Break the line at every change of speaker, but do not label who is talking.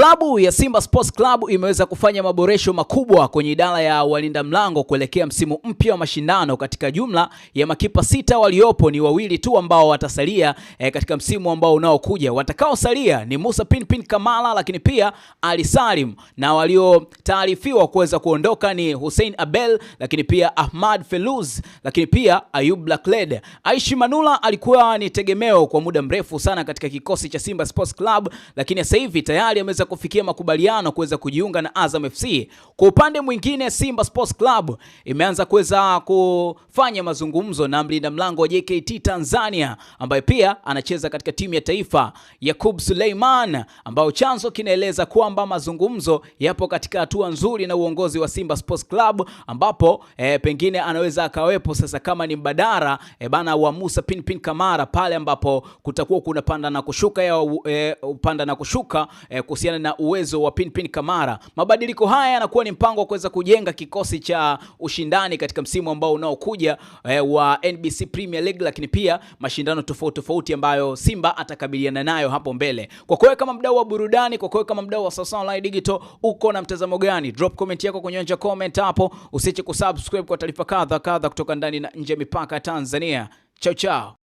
Klabu ya Simba Sports Club imeweza kufanya maboresho makubwa kwenye idara ya walinda mlango kuelekea msimu mpya wa mashindano. Katika jumla ya makipa sita waliopo ni wawili tu ambao watasalia eh, katika msimu ambao unaokuja. Watakaosalia ni Musa Pinpin Kamala, lakini pia Ali Salim, na waliotaarifiwa kuweza kuondoka ni Hussein Abel, lakini pia Ahmad Feluz, lakini pia Ayub Blackled. Aishi Manula alikuwa ni tegemeo kwa muda mrefu sana katika kikosi cha Simba Sports Club, lakini sasa hivi tayari ameweza kufikia makubaliano kuweza kujiunga na Azam FC. Kwa upande mwingine, Simba Sports Club imeanza kuweza kufanya mazungumzo na mlinda mlango wa JKT Tanzania ambaye pia anacheza katika timu ya taifa Yakub Suleiman, ambao chanzo kinaeleza kwamba mazungumzo yapo katika hatua nzuri na uongozi wa Simba Sports Club ambapo e, pengine anaweza akawepo sasa kama ni mbadala e, bana wa Musa Pinpin Kamara pale ambapo kutakuwa kuna panda na kushuka ya, e, eh, panda na kushuka e, kuhusiana na uwezo wa Pinpin Kamara. Mabadiliko haya yanakuwa ni mpango wa kuweza kujenga kikosi cha ushindani katika msimu ambao unaokuja eh, wa NBC Premier League, lakini pia mashindano tofauti tofauti ambayo Simba atakabiliana nayo hapo mbele. Kwa kweli kama mdau wa burudani, kwa kweli kama mdau wa Sasa Online Digital, uko na mtazamo gani? Drop comment yako kwenye anja comment hapo, usiache kusubscribe kwa taarifa kadha kadha kutoka ndani na nje ya mipaka ya Tanzania. Chao chao.